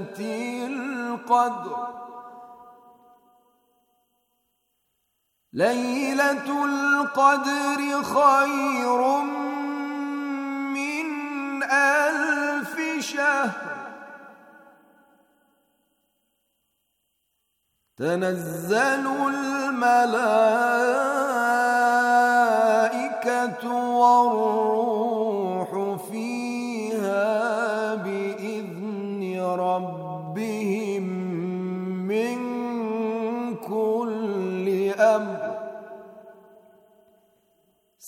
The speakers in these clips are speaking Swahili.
القدر ليلة القدر خير من ألف شهر تنزل الملائكة والروح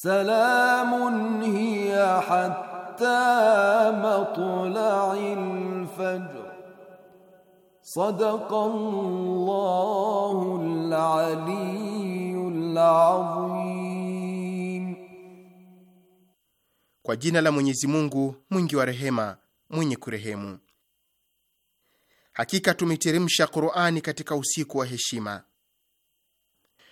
سلام هي حتى مطلع الفجر صدق الله العلي العظيم Kwa jina la Mwenyezi Mungu mwingi wa rehema mwenye kurehemu. Hakika tumeteremsha Qur'ani katika usiku wa heshima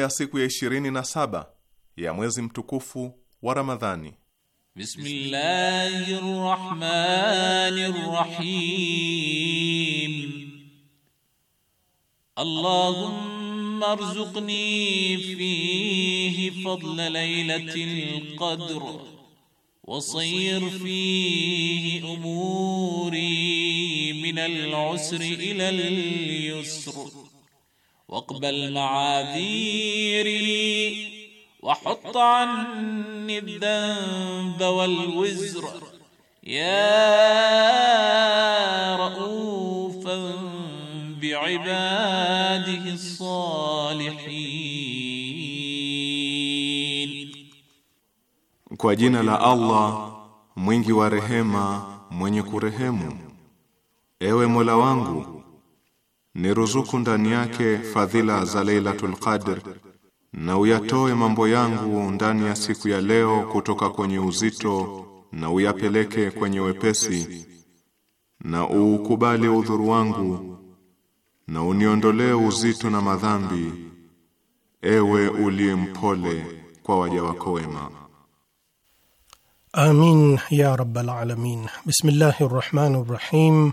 ya siku ya ishirini na saba ya mwezi mtukufu wa Ramadhani. Bismillahir Rahmanir Rahim. Allahumma arzuqni fihi fadla laylatil qadr wa sayr fihi umuri min al-usri ila al-yusr. واقبل معاذيري وحط عني الذنب والوزر يا رؤوفا بعباده الصالحين kwa jina la Allah mwingi wa rehema mwenye kurehemu ewe Mola wangu ni ruzuku ndani yake fadhila za Lailatul Qadr na uyatoe mambo yangu ndani ya siku ya leo kutoka kwenye uzito na uyapeleke kwenye wepesi na uukubali udhuru wangu na uniondolee uzito na madhambi ewe uliye mpole kwa waja wako wema amin ya rabbal alamin bismillahir rahmanir rahim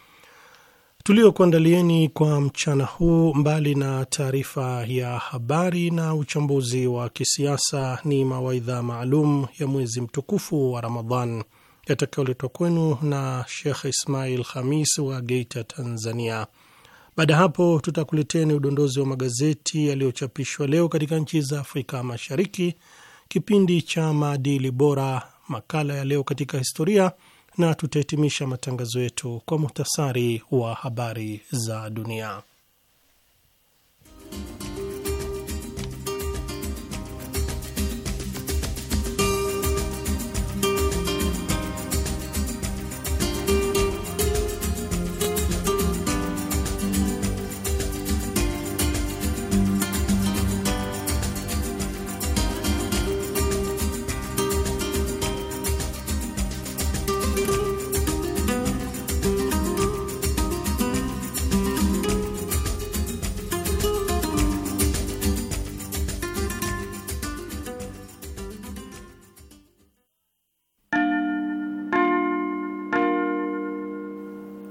tuliokuandalieni kwa mchana huu, mbali na taarifa ya habari na uchambuzi wa kisiasa, ni mawaidha maalum ya mwezi mtukufu wa Ramadhan yatakayoletwa kwenu na Shekh Ismail Khamis wa Geita, Tanzania. Baada ya hapo, tutakuleteni udondozi wa magazeti yaliyochapishwa leo katika nchi za Afrika Mashariki, kipindi cha maadili bora, makala ya leo katika historia na tutahitimisha matangazo yetu kwa muhtasari wa habari za dunia.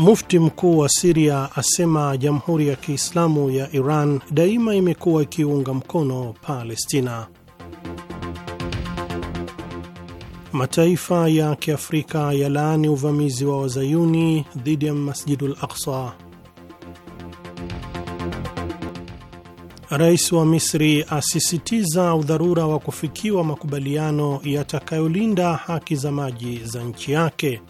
Mufti mkuu wa Siria asema Jamhuri ya Kiislamu ya Iran daima imekuwa ikiunga mkono Palestina. Mataifa ya Kiafrika yalaani uvamizi wa wazayuni dhidi ya Masjidul Aqsa. Rais wa Misri asisitiza udharura wa kufikiwa makubaliano yatakayolinda haki za maji za nchi yake.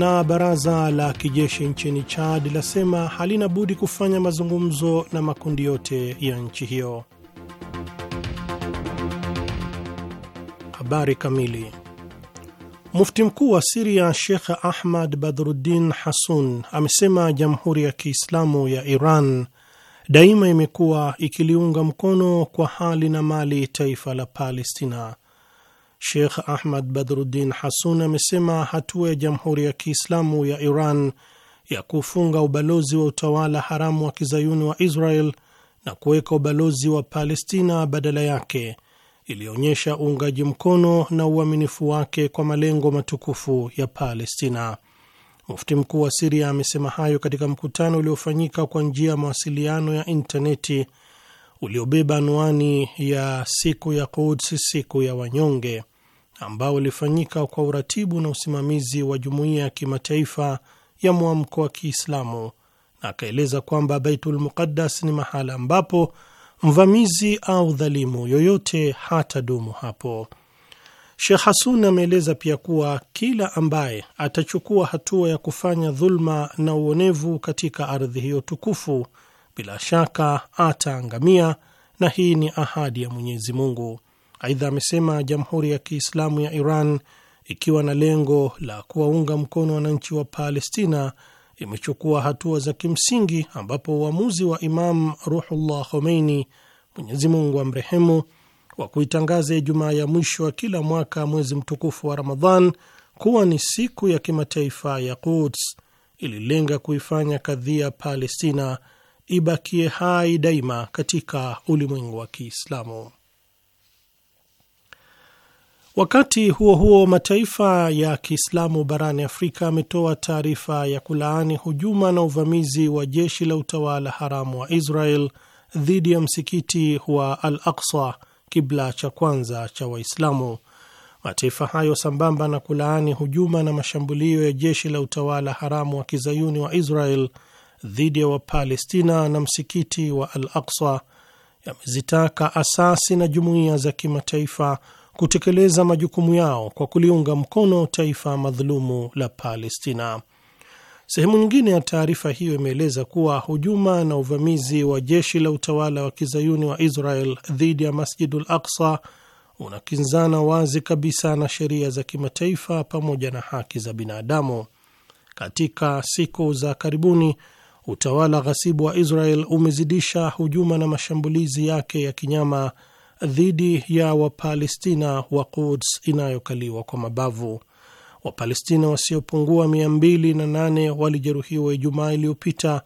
na baraza la kijeshi nchini Chad lasema halina budi kufanya mazungumzo na makundi yote ya nchi hiyo. Habari kamili. Mufti mkuu wa Siria Shekh Ahmad Badruddin Hasun amesema Jamhuri ya Kiislamu ya Iran daima imekuwa ikiliunga mkono kwa hali na mali taifa la Palestina Sheikh Ahmad Badruddin Hasun amesema hatua ya Jamhuri ya Kiislamu ya Iran ya kufunga ubalozi wa utawala haramu wa kizayuni wa Israel na kuweka ubalozi wa Palestina badala yake ilionyesha uungaji mkono na uaminifu wake kwa malengo matukufu ya Palestina. Mufti mkuu wa Siria amesema hayo katika mkutano uliofanyika kwa njia ya mawasiliano ya intaneti uliobeba anwani ya siku ya Quds, siku ya wanyonge, ambao ulifanyika kwa uratibu na usimamizi wa jumuiya ya kimataifa ya mwamko wa Kiislamu, na akaeleza kwamba Baitul Muqaddas ni mahala ambapo mvamizi au dhalimu yoyote hatadumu hapo. Shekh Hasun ameeleza pia kuwa kila ambaye atachukua hatua ya kufanya dhulma na uonevu katika ardhi hiyo tukufu bila shaka ataangamia, na hii ni ahadi ya Mwenyezi Mungu. Aidha amesema Jamhuri ya Kiislamu ya Iran ikiwa na lengo la kuwaunga mkono wananchi wa Palestina imechukua hatua za kimsingi, ambapo uamuzi wa Imam Ruhullah Khomeini, Mwenyezi Mungu amrehemu, wa kuitangaza Ijumaa ya mwisho wa kila mwaka mwezi mtukufu wa Ramadhan kuwa ni siku ya kimataifa ya Quds ililenga kuifanya kadhia Palestina ibakie hai daima katika ulimwengu wa Kiislamu. Wakati huo huo, mataifa ya Kiislamu barani Afrika ametoa taarifa ya kulaani hujuma na uvamizi wa jeshi la utawala haramu wa Israel dhidi ya msikiti wa Al Aqsa, kibla cha kwanza cha Waislamu. Mataifa hayo sambamba na kulaani hujuma na mashambulio ya jeshi la utawala haramu wa kizayuni wa Israel dhidi ya Wapalestina na msikiti wa Al Aqsa yamezitaka asasi na jumuiya za kimataifa kutekeleza majukumu yao kwa kuliunga mkono taifa madhulumu la Palestina. Sehemu nyingine ya taarifa hiyo imeeleza kuwa hujuma na uvamizi wa jeshi la utawala wa kizayuni wa Israel dhidi ya Masjidul Aqsa unakinzana wazi kabisa na sheria za kimataifa pamoja na haki za binadamu. Katika siku za karibuni utawala ghasibu wa Israel umezidisha hujuma na mashambulizi yake ya kinyama dhidi ya Wapalestina wa Quds inayokaliwa kwa mabavu. Wapalestina wasiopungua 208 walijeruhiwa Ijumaa iliyopita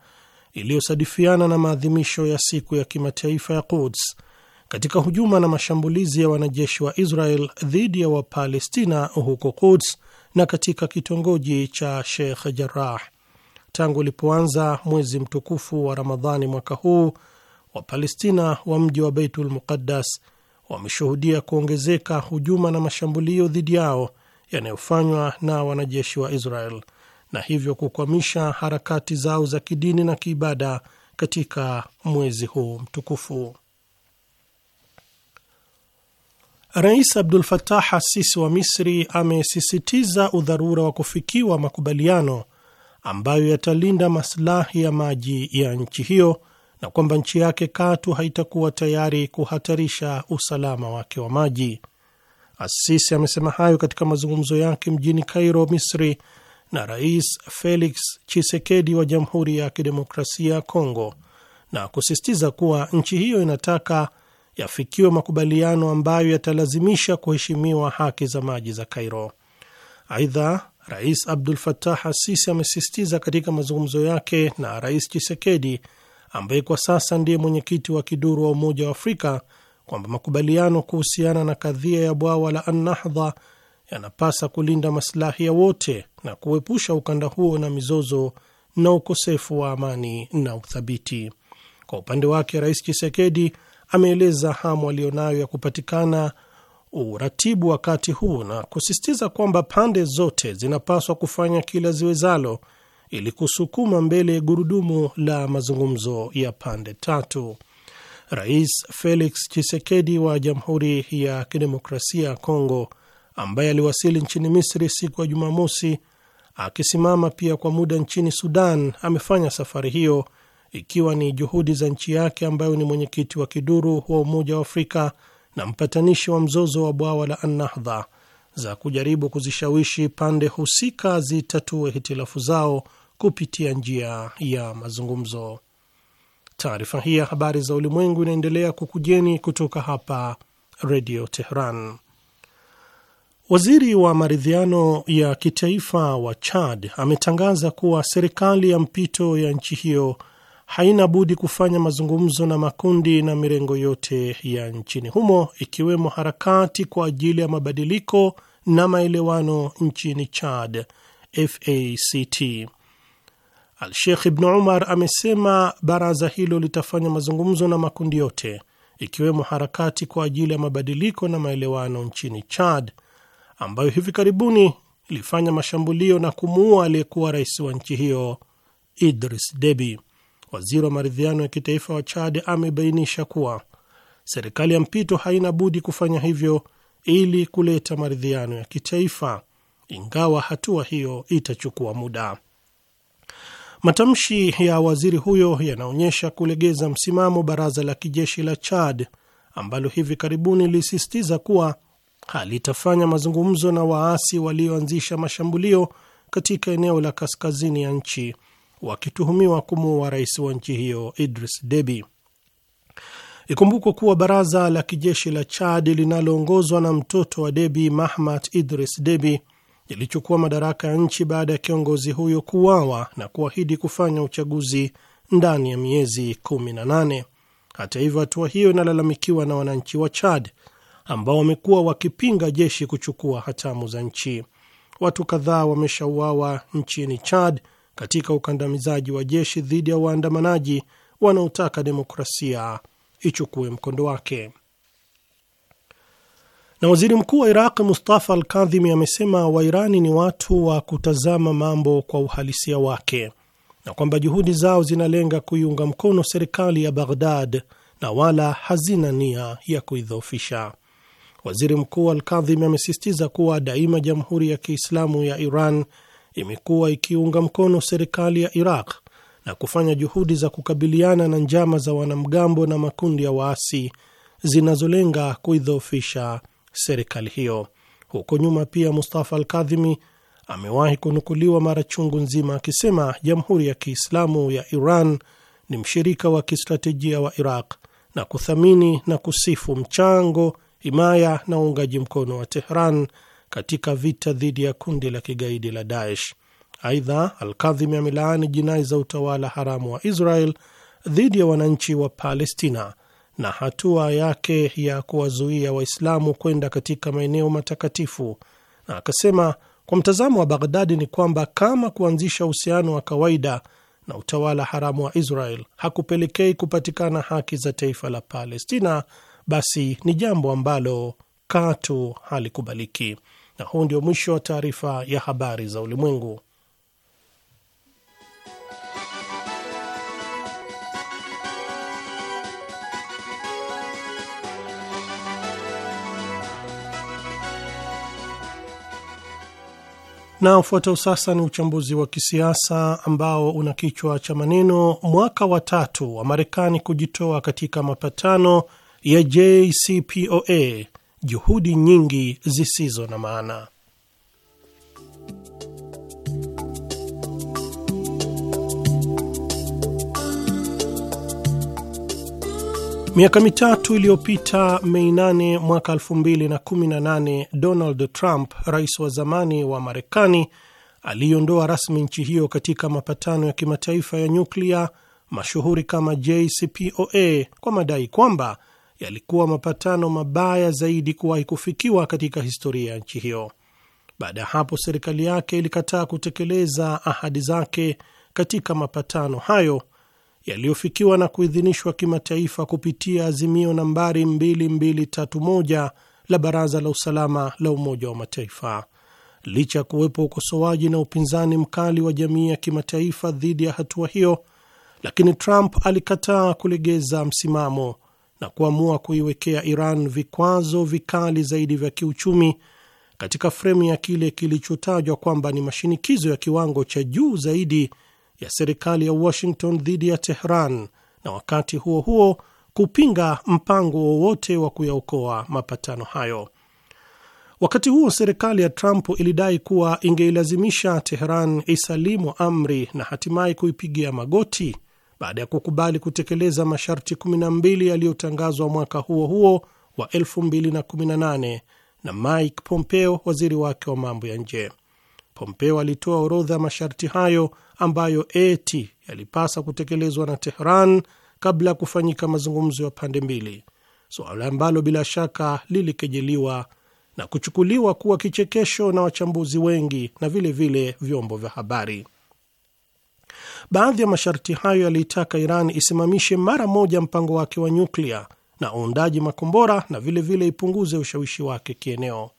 iliyosadifiana na maadhimisho ya siku ya kimataifa ya Quds katika hujuma na mashambulizi ya wanajeshi wa Israel dhidi ya Wapalestina huko Quds na katika kitongoji cha Sheikh Jarrah tangu ulipoanza mwezi mtukufu wa Ramadhani mwaka huu, Wapalestina wa mji wa Beitul Muqaddas wameshuhudia kuongezeka hujuma na mashambulio dhidi yao yanayofanywa na wanajeshi wa Israel na hivyo kukwamisha harakati zao za kidini na kiibada katika mwezi huu mtukufu. Rais Abdul Fatah Assisi wa Misri amesisitiza udharura wa kufikiwa makubaliano ambayo yatalinda maslahi ya maji ya nchi hiyo na kwamba nchi yake katu haitakuwa tayari kuhatarisha usalama wake wa maji. Asisi amesema hayo katika mazungumzo yake mjini cairo Misri, na Rais Felix chisekedi wa Jamhuri ya Kidemokrasia ya Kongo na kusisitiza kuwa nchi hiyo inataka yafikiwe makubaliano ambayo yatalazimisha kuheshimiwa haki za maji za Kairo. Aidha, Rais Abdul fatah Asisi amesisitiza katika mazungumzo yake na Rais Chisekedi ambaye kwa sasa ndiye mwenyekiti wa kiduru wa Umoja wa Afrika kwamba makubaliano kuhusiana na kadhia ya bwawa la Annahdha yanapasa kulinda masilahi ya wote na kuepusha ukanda huo na mizozo na ukosefu wa amani na uthabiti. Kwa upande wake, Rais Chisekedi ameeleza hamu aliyonayo ya kupatikana uratibu wakati huu na kusisitiza kwamba pande zote zinapaswa kufanya kila ziwezalo ili kusukuma mbele gurudumu la mazungumzo ya pande tatu. Rais Felix Tshisekedi wa Jamhuri ya Kidemokrasia ya Kongo, ambaye aliwasili nchini Misri siku ya Jumamosi akisimama pia kwa muda nchini Sudan, amefanya safari hiyo ikiwa ni juhudi za nchi yake ambayo ni mwenyekiti wa kiduru wa Umoja wa Afrika na mpatanishi wa mzozo wa bwawa la Annahdha za kujaribu kuzishawishi pande husika zitatue hitilafu zao kupitia njia ya mazungumzo. Taarifa hii ya habari za ulimwengu inaendelea kukujeni kutoka hapa Redio Tehran. Waziri wa maridhiano ya kitaifa wa Chad ametangaza kuwa serikali ya mpito ya nchi hiyo haina budi kufanya mazungumzo na makundi na mirengo yote ya nchini humo ikiwemo harakati kwa ajili ya mabadiliko na maelewano nchini Chad, FACT. al Alshekh Ibn Umar amesema baraza hilo litafanya mazungumzo na makundi yote ikiwemo harakati kwa ajili ya mabadiliko na maelewano nchini Chad, ambayo hivi karibuni ilifanya mashambulio na kumuua aliyekuwa rais wa nchi hiyo Idris Deby waziri wa maridhiano ya kitaifa wa Chad amebainisha kuwa serikali ya mpito haina budi kufanya hivyo ili kuleta maridhiano ya kitaifa, ingawa hatua hiyo itachukua muda. Matamshi ya waziri huyo yanaonyesha kulegeza msimamo baraza la kijeshi la Chad ambalo hivi karibuni lilisisitiza kuwa halitafanya mazungumzo na waasi walioanzisha mashambulio katika eneo la kaskazini ya nchi wakituhumiwa kumuua rais wa nchi hiyo Idris Deby. Ikumbukwe kuwa baraza la kijeshi la Chad linaloongozwa na mtoto wa Deby, mahmad Idris Deby, lilichukua madaraka ya nchi baada ya kiongozi huyo kuuawa na kuahidi kufanya uchaguzi ndani ya miezi 18. Hata hivyo, hatua hiyo inalalamikiwa na wananchi wa Chad ambao wamekuwa wakipinga jeshi kuchukua hatamu za nchi. Watu kadhaa wameshauawa nchini Chad katika ukandamizaji wa jeshi dhidi ya waandamanaji wanaotaka demokrasia ichukue mkondo wake. Na waziri mkuu wa Iraq Mustafa Alkadhimi amesema Wairani ni watu wa kutazama mambo kwa uhalisia wake na kwamba juhudi zao zinalenga kuiunga mkono serikali ya Baghdad na wala hazina nia ya kuidhoofisha. Waziri Mkuu Alkadhimi amesisitiza kuwa daima Jamhuri ya Kiislamu ya Iran imekuwa ikiunga mkono serikali ya Iraq na kufanya juhudi za kukabiliana na njama za wanamgambo na makundi ya waasi zinazolenga kuidhoofisha serikali hiyo. Huko nyuma pia Mustafa Alkadhimi amewahi kunukuliwa mara chungu nzima akisema Jamhuri ya Kiislamu ya Iran ni mshirika wa kistratejia wa Iraq na kuthamini na kusifu mchango, himaya na uungaji mkono wa Tehran katika vita dhidi ya kundi la kigaidi la Daesh. Aidha, Alkadhimi amelaani jinai za utawala haramu wa Israel dhidi ya wananchi wa Palestina na hatua yake ya kuwazuia Waislamu kwenda katika maeneo matakatifu, na akasema kwa mtazamo wa Baghdadi ni kwamba kama kuanzisha uhusiano wa kawaida na utawala haramu wa Israel hakupelekei kupatikana haki za taifa la Palestina, basi ni jambo ambalo katu halikubaliki. Na huu ndio mwisho wa taarifa ya habari za ulimwengu. Na ufuatao sasa ni uchambuzi wa kisiasa ambao una kichwa cha maneno mwaka wa tatu wa Marekani kujitoa katika mapatano ya JCPOA juhudi nyingi zisizo na maana. Miaka mitatu iliyopita, Mei 8 mwaka 2018, Donald Trump, rais wa zamani wa Marekani, aliyeondoa rasmi nchi hiyo katika mapatano ya kimataifa ya nyuklia mashuhuri kama JCPOA kwa madai kwamba yalikuwa mapatano mabaya zaidi kuwahi kufikiwa katika historia ya nchi hiyo. Baada ya hapo, serikali yake ilikataa kutekeleza ahadi zake katika mapatano hayo yaliyofikiwa na kuidhinishwa kimataifa kupitia azimio nambari 2231 la Baraza la Usalama la Umoja wa Mataifa. Licha ya kuwepo ukosoaji na upinzani mkali wa jamii ya kimataifa dhidi ya hatua hiyo, lakini Trump alikataa kulegeza msimamo na kuamua kuiwekea Iran vikwazo vikali zaidi vya kiuchumi katika fremu ya kile kilichotajwa kwamba ni mashinikizo ya kiwango cha juu zaidi ya serikali ya Washington dhidi ya Tehran na wakati huo huo kupinga mpango wowote wa kuyaokoa mapatano hayo. Wakati huo serikali ya Trump ilidai kuwa ingeilazimisha Teheran isalimu amri na hatimaye kuipigia magoti baada ya kukubali kutekeleza masharti 12 yaliyotangazwa mwaka huo huo wa 2018 na Mike Pompeo, waziri wake wa mambo ya nje. Pompeo alitoa orodha ya masharti hayo ambayo eti yalipasa kutekelezwa na Tehran kabla ya kufanyika mazungumzo ya pande mbili, suala so, ambalo bila shaka lilikejeliwa na kuchukuliwa kuwa kichekesho na wachambuzi wengi na vilevile vile vyombo vya habari. Baadhi ya masharti hayo yaliitaka Iran isimamishe mara moja mpango wake wa nyuklia na uundaji makombora na vilevile vile ipunguze ushawishi wake kieneo.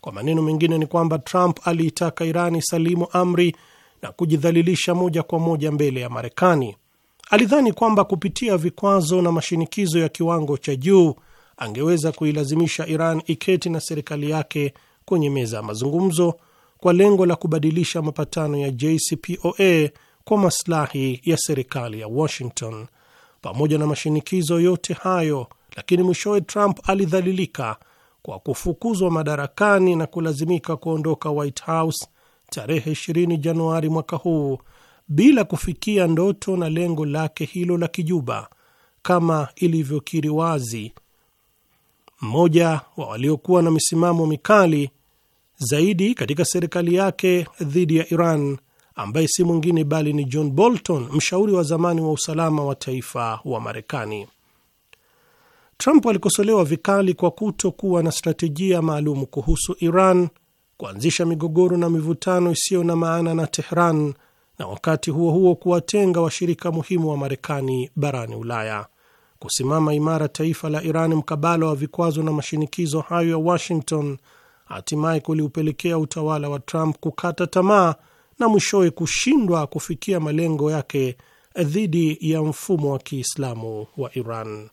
Kwa maneno mengine ni kwamba Trump aliitaka Iran isalimu amri na kujidhalilisha moja kwa moja mbele ya Marekani. Alidhani kwamba kupitia vikwazo na mashinikizo ya kiwango cha juu angeweza kuilazimisha Iran iketi na serikali yake kwenye meza ya mazungumzo kwa lengo la kubadilisha mapatano ya JCPOA kwa maslahi ya serikali ya Washington. Pamoja na mashinikizo yote hayo, lakini mwishowe Trump alidhalilika kwa kufukuzwa madarakani na kulazimika kuondoka White House tarehe 20 Januari mwaka huu bila kufikia ndoto na lengo lake hilo la kijuba kama ilivyokiri wazi mmoja wa waliokuwa na misimamo mikali zaidi katika serikali yake dhidi ya Iran ambaye si mwingine bali ni John Bolton, mshauri wa zamani wa usalama wa taifa wa Marekani. Trump alikosolewa vikali kwa kutokuwa na strategia maalum kuhusu Iran, kuanzisha migogoro na mivutano isiyo na maana na Tehran, na wakati huo huo kuwatenga washirika muhimu wa Marekani barani Ulaya. Kusimama imara taifa la Iran mkabala wa vikwazo na mashinikizo hayo ya Washington hatimaye kuliupelekea utawala wa Trump kukata tamaa na mwishowe kushindwa kufikia malengo yake dhidi ya mfumo wa Kiislamu wa Iran.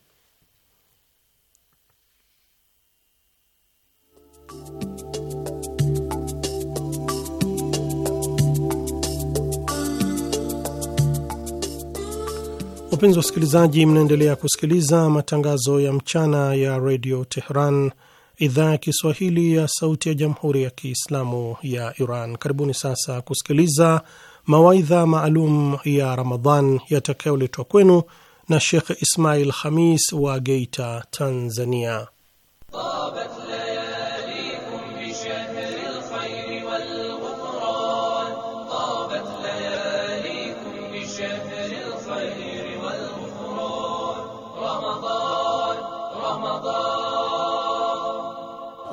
Wapenzi wasikilizaji, mnaendelea kusikiliza matangazo ya mchana ya redio Tehran, idhaa ya Kiswahili ya Sauti ya Jamhuri ya Kiislamu ya Iran. Karibuni sasa kusikiliza mawaidha maalum ya Ramadhan yatakayoletwa kwenu na Shekh Ismail Khamis wa Geita, Tanzania.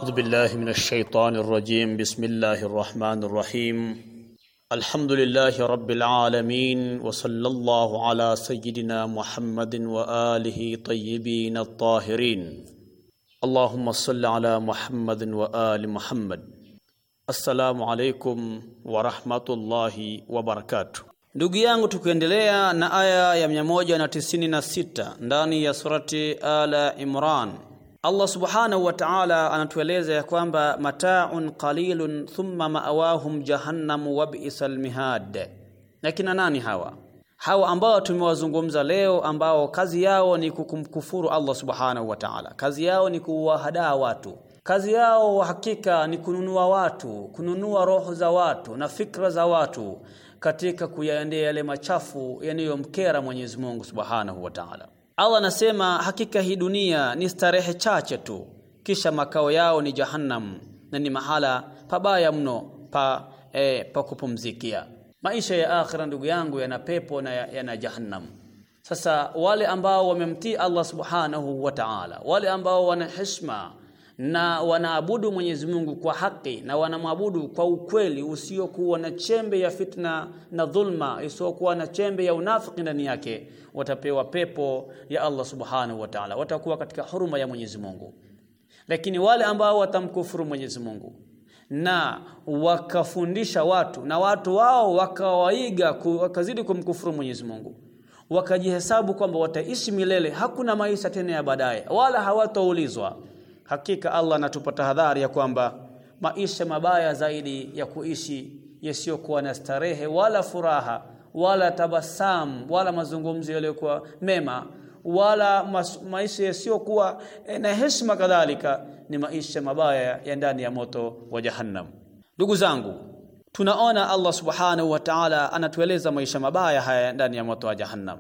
أعوذ بالله من الشيطان الرجيم بسم الله الرحمن الرحيم الحمد لله رب العالمين وصلى الله على سيدنا محمد وآله طيبين الطاهرين اللهم صل على محمد وآل محمد السلام عليكم ورحمة الله وبركاته Ndugu yangu tukiendelea na aya ya 196 ndani ya surati Ala Imran Allah subhanahu wa ta'ala anatueleza ya kwamba mataun qalilun thumma ma'awahum jahannamu wa bi'sal mihad. Na kina nani hawa? Hawa ambao tumewazungumza leo ambao kazi yao ni kukumkufuru Allah subhanahu wa ta'ala. Kazi yao ni kuwahadaa watu. Kazi yao hakika ni kununua watu, kununua roho za watu na fikra za watu katika kuyaendea yale machafu yanayomkera Mwenyezi Mungu Subhanahu wa Ta'ala. Allah anasema hakika hii dunia ni starehe chache tu kisha makao yao ni jahannam na ni mahala pabaya mno pa e, pa kupumzikia maisha ya akhira ndugu yangu yana pepo na yana jahannam sasa wale ambao wamemtii Allah subhanahu wa ta'ala wale ambao wana heshima na wanaabudu Mwenyezi Mungu kwa haki na wanamwabudu kwa ukweli usiokuwa na chembe ya fitna na dhulma isiyokuwa na chembe ya unafiki ndani yake, watapewa pepo ya Allah Subhanahu wa Ta'ala, watakuwa katika huruma ya Mwenyezi Mungu. Lakini wale ambao watamkufuru Mwenyezi Mungu na wakafundisha watu na watu wao wakawaiga wakazidi kumkufuru Mwenyezi Mungu wakajihesabu kwamba wataishi milele, hakuna maisha tena ya baadaye, wala hawataulizwa Hakika Allah anatupa tahadhari ya kwamba maisha mabaya zaidi ya kuishi yasiyokuwa na starehe wala furaha wala tabasamu wala mazungumzo yaliyokuwa mema wala maisha yasiyokuwa eh, na heshima, kadhalika ni maisha mabaya ya ndani ya moto wa Jahannam. Ndugu zangu, tunaona Allah subhanahu wa ta'ala anatueleza maisha mabaya haya ndani ya moto wa Jahannam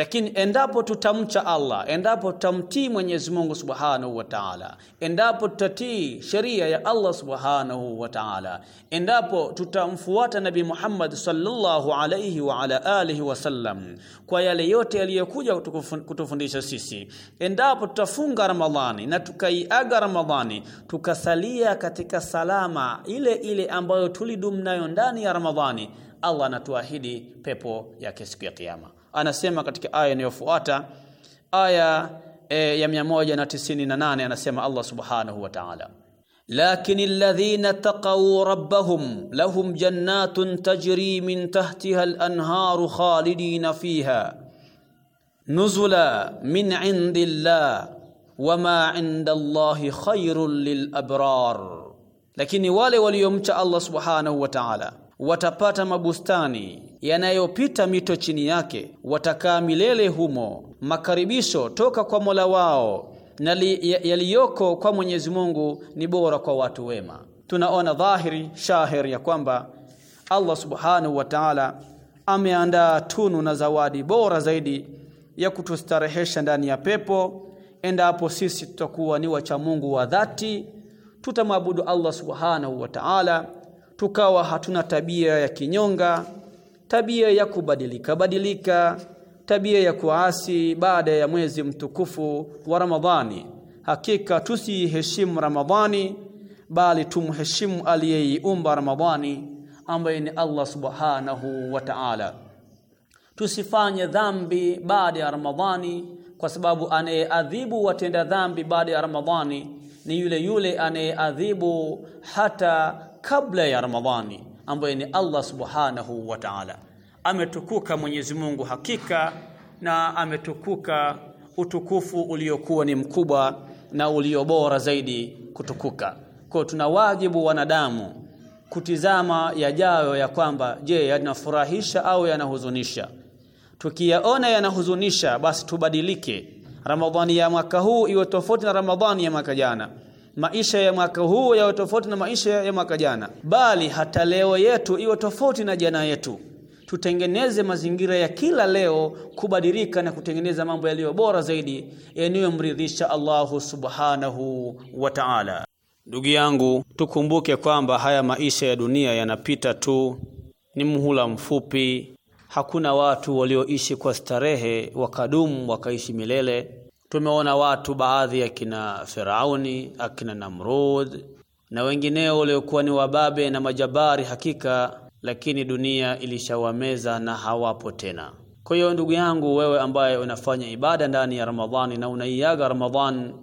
lakini endapo tutamcha Allah, endapo tutamtii Mwenyezi Mungu Subhanahu wa Ta'ala, endapo tutatii sheria ya Allah Subhanahu wa Ta'ala, endapo tutamfuata Nabii Muhammad sallallahu alayhi wa ala alihi sallam kwa yale yote yaliyokuja kutufundisha sisi, endapo tutafunga Ramadhani na tukaiaga Ramadhani, tukasalia katika salama ile ile ambayo tulidumu nayo ndani ya Ramadhani, Allah anatuahidi pepo yake siku ya Kiyama anasema katika aya inayofuata aya e, ya 198 anasema Allah subhanahu wa ta'ala lakini alladhina taqaw rabbahum lahum jannatun tajri min tahtiha al-anharu khalidina fiha nuzula min indillah wama inda Allahi khairun lilabrar lakini wale waliomcha Allah subhanahu wa ta'ala watapata mabustani yanayopita mito chini yake, watakaa milele humo. Makaribisho toka kwa Mola wao na yaliyoko kwa Mwenyezi Mungu ni bora kwa watu wema. Tunaona dhahiri shahir ya kwamba Allah Subhanahu wa Ta'ala ameandaa tunu na zawadi bora zaidi ya kutustarehesha ndani ya pepo endapo sisi tutakuwa ni wacha Mungu wa dhati, tutamwabudu Allah Subhanahu wa Ta'ala, tukawa hatuna tabia ya kinyonga tabia ya kubadilika badilika tabia ya kuasi baada ya mwezi mtukufu wa Ramadhani hakika tusiheshimu Ramadhani bali tumheshimu aliyeiumba Ramadhani ambaye ni Allah Subhanahu wa Ta'ala tusifanye dhambi baada ya Ramadhani kwa sababu anayeadhibu watenda dhambi baada ya Ramadhani ni yule yule anayeadhibu hata kabla ya Ramadhani ambaye ni Allah subhanahu wa ta'ala. Ametukuka Mwenyezi Mungu hakika, na ametukuka utukufu uliokuwa ni mkubwa na ulio bora zaidi kutukuka. Kwa tuna wajibu wanadamu kutizama yajayo ya kwamba je, yanafurahisha au yanahuzunisha? Tukiyaona yanahuzunisha, basi tubadilike. Ramadhani ya mwaka huu iwe tofauti na Ramadhani ya mwaka jana maisha ya mwaka huu yawe tofauti na maisha ya mwaka jana, bali hata leo yetu iwe tofauti na jana yetu. Tutengeneze mazingira ya kila leo kubadilika na kutengeneza mambo yaliyo bora zaidi yanayomridhisha Allahu subhanahu wa ta'ala. Ndugu yangu, tukumbuke kwamba haya maisha ya dunia yanapita tu, ni muhula mfupi. Hakuna watu walioishi kwa starehe wakadumu wakaishi milele. Tumeona watu baadhi kina Firauni akina Namrud na wengineo waliokuwa ni wababe na majabari hakika, lakini dunia ilishawameza na hawapo tena. Kwa hiyo ndugu yangu, wewe ambaye unafanya ibada ndani ya Ramadhani na unaiaga Ramadhani,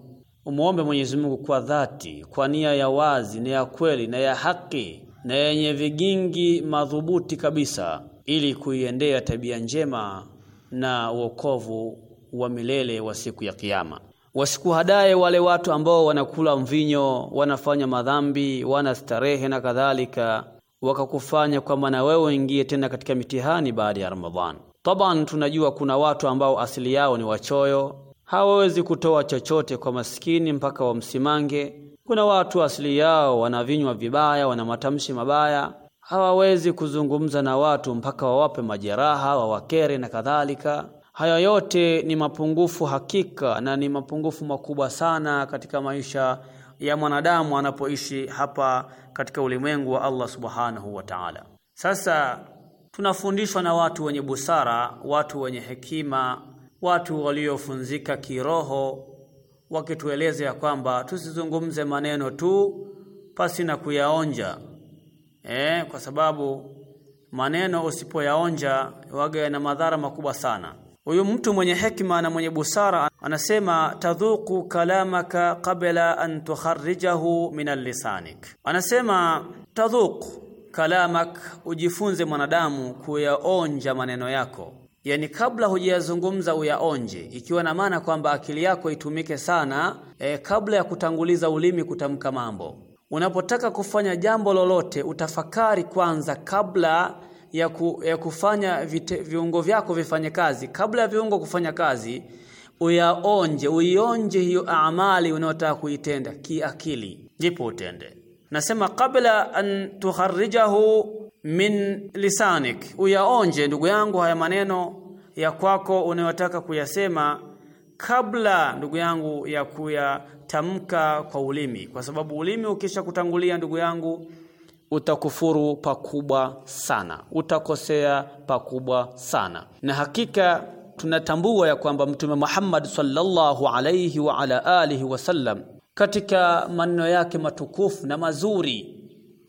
umuombe Mwenyezi Mungu kwa dhati, kwa nia ya wazi na ya kweli na ya haki na yenye vigingi madhubuti kabisa, ili kuiendea tabia njema na uokovu wa milele wa siku ya Kiyama. Wasikuhadae wale watu ambao wanakula mvinyo, wanafanya madhambi, wana starehe na kadhalika, wakakufanya kwamba na wewe ingie tena katika mitihani baada ya Ramadhani. Taban, tunajua kuna watu ambao asili yao ni wachoyo, hawawezi kutoa chochote kwa maskini mpaka wamsimange. Kuna watu asili yao wanavinywa vibaya, wana matamshi mabaya, hawawezi kuzungumza na watu mpaka wawape majeraha, wawakere na kadhalika. Haya yote ni mapungufu hakika na ni mapungufu makubwa sana katika maisha ya mwanadamu anapoishi hapa katika ulimwengu wa Allah Subhanahu wa Ta'ala. Sasa tunafundishwa na watu wenye busara, watu wenye hekima, watu waliofunzika kiroho wakitueleza ya kwamba tusizungumze maneno tu pasi na kuyaonja. Eh, kwa sababu maneno usipoyaonja waga na madhara makubwa sana. Huyu mtu mwenye hekima na mwenye busara anasema tadhuku kalamaka qabla an tukharrijahu min lisanik. Anasema tadhuku kalamak, ujifunze mwanadamu kuyaonja maneno yako, yani kabla hujayazungumza uyaonje, ikiwa na maana kwamba akili yako itumike sana e, kabla ya kutanguliza ulimi kutamka mambo. Unapotaka kufanya jambo lolote, utafakari kwanza kabla ya, ku, ya kufanya vite, viungo vyako vifanye kazi. Kabla ya viungo kufanya kazi, uyaonje, uionje hiyo amali unayotaka kuitenda kiakili, ndipo utende. Nasema kabla an tukharijahu min lisanik, uyaonje ndugu yangu haya maneno ya kwako unayotaka kuyasema kabla ndugu yangu ya kuyatamka kwa ulimi, kwa sababu ulimi ukisha kutangulia ndugu yangu utakufuru pakubwa sana, utakosea pakubwa sana. Na hakika tunatambua ya kwamba Mtume Muhammad sallallahu alayhi wa ala alihi wasallam katika maneno yake matukufu na mazuri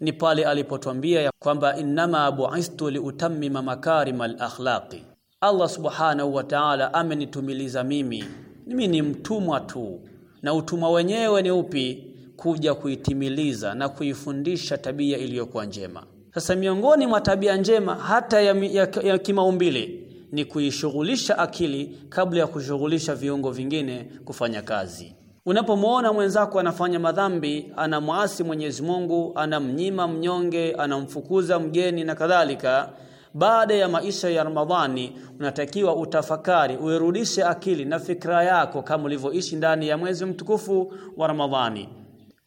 ni pale alipotwambia ya kwamba innama buistu liutammima makarima alakhlaqi, Allah subhanahu wa ta'ala amenitumiliza mimi, mimi ni mtumwa tu, na utumwa wenyewe ni upi? kuja kuitimiliza na kuifundisha tabia iliyokuwa njema. Sasa miongoni mwa tabia njema hata ya, ya, ya kimaumbile ni kuishughulisha akili kabla ya kushughulisha viungo vingine kufanya kazi. Unapomwona mwenzako anafanya madhambi, anamwasi Mwenyezi Mungu, anamnyima mnyonge, anamfukuza mgeni na kadhalika, baada ya maisha ya Ramadhani unatakiwa utafakari, uirudishe akili na fikra yako kama ulivyoishi ndani ya mwezi mtukufu wa Ramadhani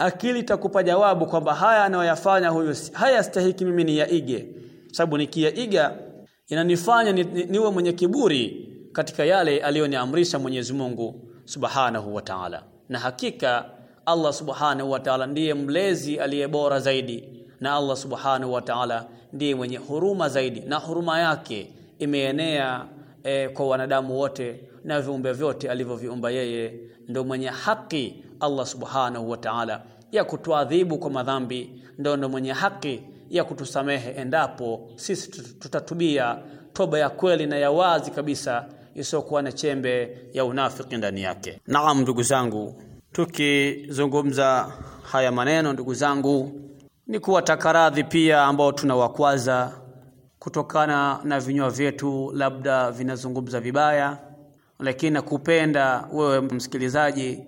akili itakupa jawabu kwamba haya anayoyafanya huyu haya stahiki mimi niyaige sababu nikiyaiga inanifanya ni, ni, niwe mwenye kiburi katika yale aliyoniamrisha Mwenyezi Mungu Subhanahu wa Ta'ala na hakika Allah Subhanahu wa Ta'ala ndiye mlezi aliye bora zaidi na Allah Subhanahu wa Ta'ala ndiye mwenye huruma zaidi na huruma yake imeenea e, kwa wanadamu wote na viumbe vyote alivyoviumba yeye ndio mwenye haki Allah subhanahu wa ta'ala ya kutuadhibu kwa madhambi, ndio ndo mwenye haki ya kutusamehe endapo sisi tutatubia toba ya kweli na ya wazi kabisa isiyokuwa na chembe ya unafiki ndani yake. Naam, ndugu zangu, tukizungumza haya maneno, ndugu zangu, ni kuwataka radhi pia ambao tunawakwaza kutokana na vinywa vyetu labda vinazungumza vibaya, lakini nakupenda wewe msikilizaji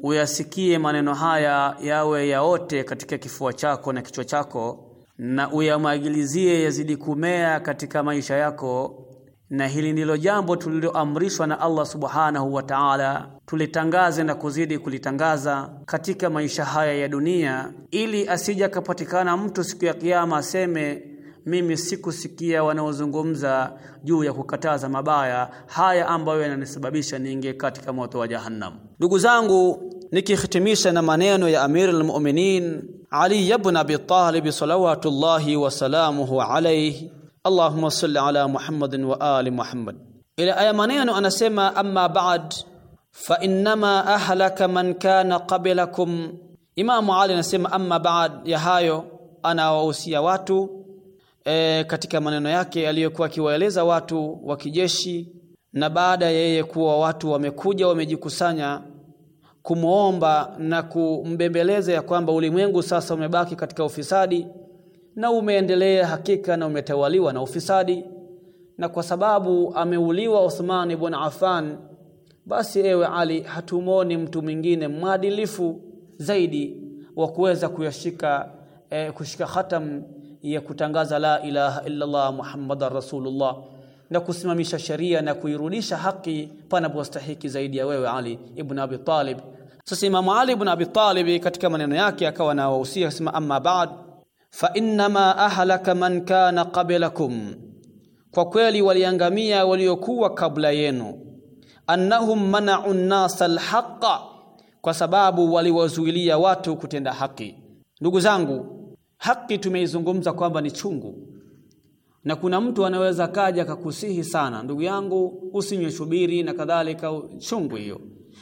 uyasikie maneno haya yawe yaote katika kifua chako na kichwa chako, na uyamwagilizie yazidi kumea katika maisha yako. Na hili ndilo jambo tuliloamrishwa na Allah subhanahu wa ta'ala, tulitangaze na kuzidi kulitangaza katika maisha haya ya dunia, ili asija kapatikana mtu siku ya Kiyama aseme mimi sikusikia wanaozungumza juu ya kukataza mabaya haya ambayo yananisababisha niingie katika moto wa Jahannam. Ndugu zangu, nikihitimisha na maneno ya Amir al-Mu'minin Ali ibn Abi Talib salawatullahi wa salamuhu alayhi, Allahumma salli ala Muhammadin wa ali Muhammad. Ila aya maneno anasema, amma ba'd fa innama ahlaka man kana qablakum. Imamu Ali anasema, amma ba'd ya hayo, anawahusia watu e, katika maneno yake aliyokuwa akiwaeleza watu wa kijeshi na baada ya yeye kuwa watu wamekuja wamejikusanya kumwomba na kumbembeleza ya kwamba ulimwengu sasa umebaki katika ufisadi na umeendelea hakika na umetawaliwa na ufisadi na kwa sababu ameuliwa Uthman ibn Affan basi ewe Ali hatumoni mtu mwingine mwadilifu zaidi wa kuweza kuyashika e, kushika hatam ya kutangaza la ilaha illa Allah Muhammadar Rasulullah na kusimamisha sheria na kuirudisha haki panapostahiki zaidi ya wewe Ali ibn Abi Talib. Sasa Imam Ali ibn Abi Talib katika maneno yake akawa anawahusia akasema, amma ba'd fa innama ahlaka man kana qablakum, kwa kweli waliangamia waliokuwa kabla yenu, annahum mana'u an-nas al-haqqa, kwa sababu waliwazuilia watu kutenda haki. Ndugu zangu Haki tumeizungumza kwamba ni chungu, na kuna mtu anaweza kaja akakusihi sana, ndugu yangu, usinywe shubiri na kadhalika, chungu hiyo.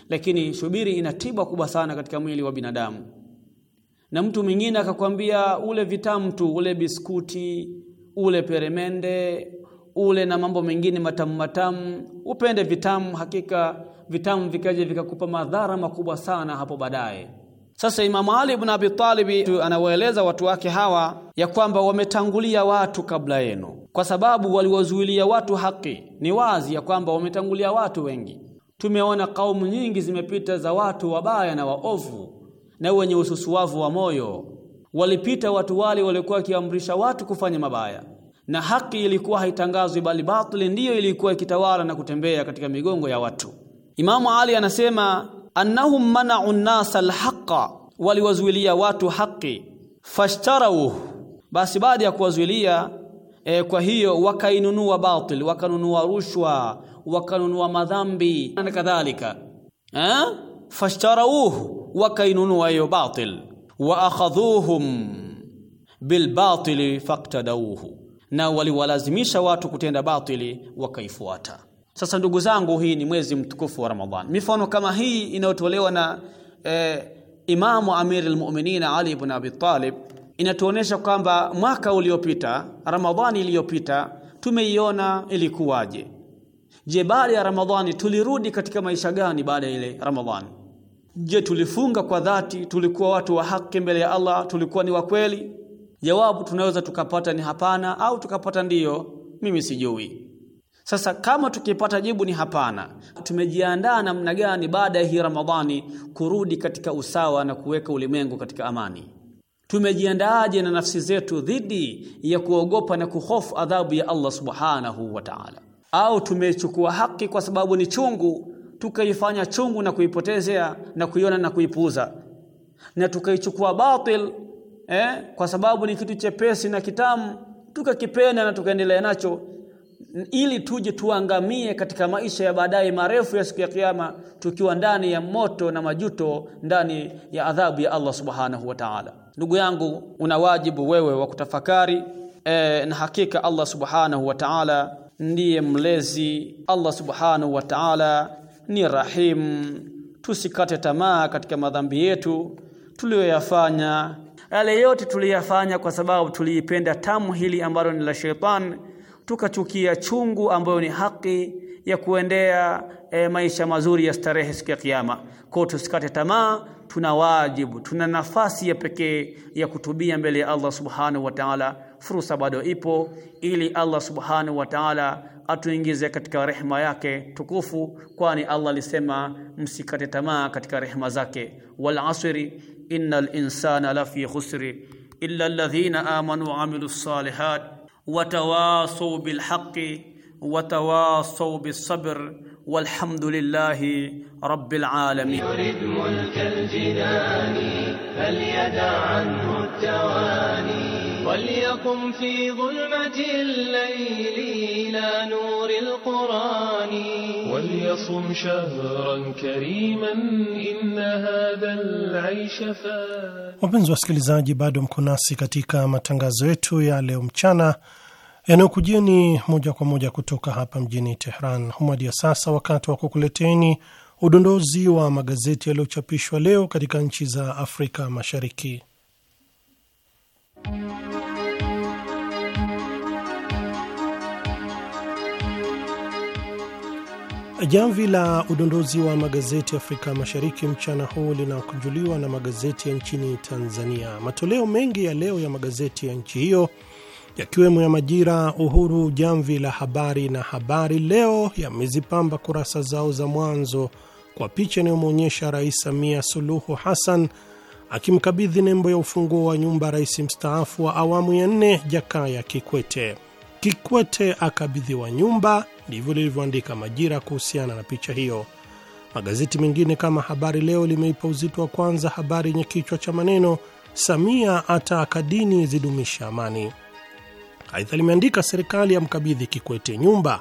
Lakini shubiri ina tiba kubwa sana katika mwili wa binadamu, na mtu mwingine akakwambia ule vitamu tu, ule biskuti, ule peremende, ule na mambo mengine matamu matamu, upende vitamu. Hakika vitamu vikaje vikakupa madhara makubwa sana hapo baadaye. Sasa Imamu Ali ibn Abi Talib anawaeleza watu wake hawa ya kwamba wametangulia watu kabla yenu, kwa sababu waliwazuilia watu haki. Ni wazi ya kwamba wametangulia watu wengi. Tumeona kaumu nyingi zimepita za watu wabaya na waovu na wenye ususuwavu wa moyo. Walipita watu wale walikuwa wakiamrisha watu kufanya mabaya, na haki ilikuwa haitangazwi, bali batili ndiyo ilikuwa ikitawala na kutembea katika migongo ya watu. Imamu Ali anasema annahum mana'u an-nas al-haqqa waliwazuilia watu haki fashtarau basi baada ya kuwazuilia e, kwa hiyo wakainunua batil wakanunua rushwa wakanunua madhambi na kadhalika eh fashtarauhu wakainunua hiyo batil wa akhadhuhum bilbatili faktadauhu na waliwalazimisha watu kutenda batili wakaifuata sasa ndugu zangu, hii ni mwezi mtukufu wa Ramadhani. Mifano kama hii inayotolewa na eh, Imamu Amir al-Mu'minin Ali ibn Abi Talib inatuonesha kwamba mwaka uliopita, Ramadhani iliyopita tumeiona ilikuwaje. Je, baada ya Ramadhani tulirudi katika maisha gani baada ya ile Ramadhani? Je, tulifunga kwa dhati? Tulikuwa watu wa haki mbele ya Allah? Tulikuwa ni wa kweli? Jawabu tunaweza tukapata ni hapana au tukapata ndiyo, mimi sijui. Sasa kama tukipata jibu ni hapana, tumejiandaa namna gani baada ya hii Ramadhani kurudi katika usawa na kuweka ulimwengu katika amani? Tumejiandaaje na nafsi zetu dhidi ya kuogopa na kuhofu adhabu ya Allah Subhanahu wa Ta'ala? Au tumechukua haki kwa sababu ni chungu tukaifanya chungu na kuipotezea na kuiona na kuipuuza, na tukaichukua batil eh, kwa sababu ni kitu chepesi na kitamu tukakipenda na tukaendelea nacho ili tuje tuangamie katika maisha ya baadaye marefu ya siku ya kiyama tukiwa ndani ya moto na majuto ndani ya adhabu ya Allah subhanahu wa ta'ala. Ndugu yangu, una wajibu wewe wa kutafakari e, na hakika Allah subhanahu wa ta'ala ndiye mlezi. Allah subhanahu wa ta'ala ni rahim. Tusikate tamaa katika madhambi yetu tuliyoyafanya, yale yote tuliyafanya kwa sababu tuliipenda tamu hili ambalo ni la shetani tukachukia chungu ambayo ni haki ya kuendea e, maisha mazuri ya starehe siku ya kiyama. Kwa tusikate tamaa, tuna wajibu, tuna nafasi ya pekee ya kutubia mbele ya Allah subhanahu wa ta'ala. Fursa bado ipo, ili Allah subhanahu wa ta'ala atuingize katika rehema yake tukufu, kwani Allah alisema, msikate tamaa katika rehema zake. Wal asri innal insana lafi khusri illa alladhina amanu wa amilus salihati وتواصوا بالحق وتواصوا بالصبر والحمد لله رب العالمين يرد ملك الجنان فليدع عنه التواني وليقم في ظلمة الليل إلى نور القرآن وليصم شهرا كريما إن هذا العيش فان Wapenzi wasikilizaji, bado mko nasi katika matangazo yetu ya leo mchana yanayokujeni moja kwa moja kutoka hapa mjini Tehran. Humadi ya sasa wakati wa kukuleteni udondozi wa magazeti yaliyochapishwa leo katika nchi za Afrika Mashariki. Jamvi la udondozi wa magazeti Afrika Mashariki mchana huu linakunjuliwa na magazeti ya nchini Tanzania. Matoleo mengi ya leo ya magazeti ya nchi hiyo yakiwemo ya Majira, Uhuru, Jamvi la Habari na Habari Leo yamezipamba kurasa zao za mwanzo kwa picha inayomwonyesha Rais Samia Suluhu Hassan akimkabidhi nembo ya ufunguo wa nyumba rais mstaafu wa awamu ya nne Jakaya Kikwete. Kikwete akabidhiwa nyumba, ndivyo lilivyoandika Majira kuhusiana na picha hiyo. Magazeti mengine kama Habari Leo limeipa uzito wa kwanza habari yenye kichwa cha maneno Samia ataka dini zidumisha amani. Aidha limeandika serikali ya mkabidhi Kikwete nyumba,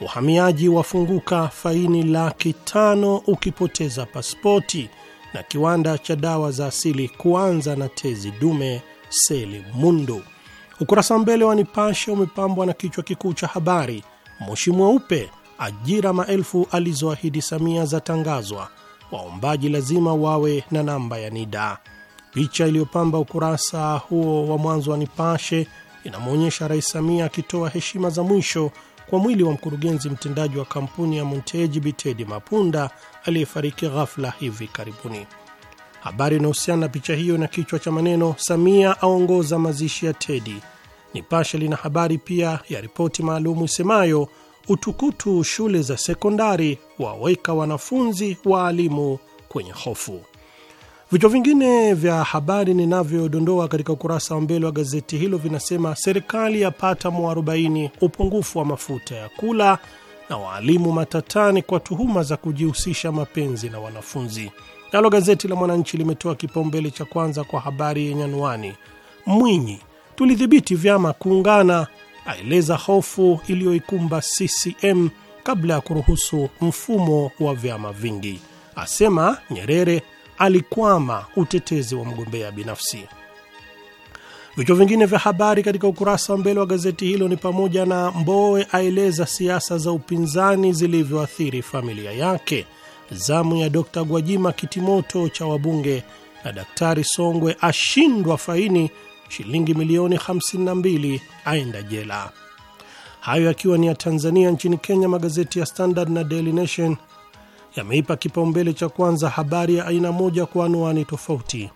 uhamiaji wafunguka, faini laki tano ukipoteza paspoti na kiwanda cha dawa za asili kuanza na tezi dume Selimundu. Ukurasa wa mbele wa Nipashe umepambwa na kichwa kikuu cha habari, moshi mweupe, ajira maelfu alizoahidi Samia zatangazwa, waombaji lazima wawe na namba ya NIDA. Picha iliyopamba ukurasa huo wa mwanzo wa Nipashe inamwonyesha Rais Samia akitoa heshima za mwisho kwa mwili wa mkurugenzi mtendaji wa kampuni ya Monteji Bitedi Mapunda aliyefariki ghafla hivi karibuni. Habari inahusiana na picha hiyo na kichwa cha maneno Samia aongoza mazishi ya Tedi. Nipashe lina habari pia ya ripoti maalumu isemayo utukutu shule za sekondari waweka wanafunzi waalimu kwenye hofu. Vichwa vingine vya habari ninavyodondoa katika ukurasa wa mbele wa gazeti hilo vinasema serikali yapata mwarobaini upungufu wa mafuta ya kula, na waalimu matatani kwa tuhuma za kujihusisha mapenzi na wanafunzi. Nalo gazeti la Mwananchi limetoa kipaumbele cha kwanza kwa habari yenye anwani Mwinyi, tulidhibiti vyama kuungana, aeleza hofu iliyoikumba CCM kabla ya kuruhusu mfumo wa vyama vingi, asema Nyerere alikwama utetezi wa mgombea binafsi. Vichwa vingine vya habari katika ukurasa wa mbele wa gazeti hilo ni pamoja na Mbowe aeleza siasa za upinzani zilivyoathiri familia yake zamu ya Dkt Gwajima kitimoto cha wabunge na Daktari Songwe ashindwa faini shilingi milioni 52 aenda jela. Hayo yakiwa ni ya Tanzania. Nchini Kenya, magazeti ya Standard na Daily Nation yameipa kipaumbele cha kwanza habari ya aina moja kwa anwani tofauti,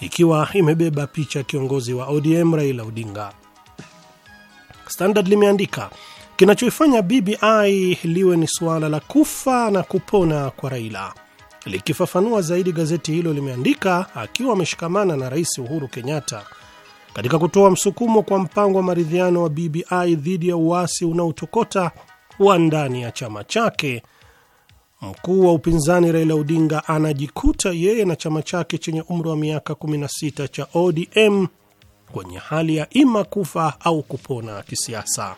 ikiwa imebeba picha ya kiongozi wa ODM Raila Odinga. Standard limeandika kinachoifanya BBI liwe ni suala la kufa na kupona kwa Raila. Likifafanua zaidi, gazeti hilo limeandika, akiwa ameshikamana na Rais Uhuru Kenyatta katika kutoa msukumo kwa mpango wa maridhiano wa BBI dhidi ya uasi unaotokota wa ndani ya chama chake, mkuu wa upinzani Raila Odinga anajikuta yeye na chama chake chenye umri wa miaka 16 cha ODM kwenye hali ya ima kufa au kupona kisiasa.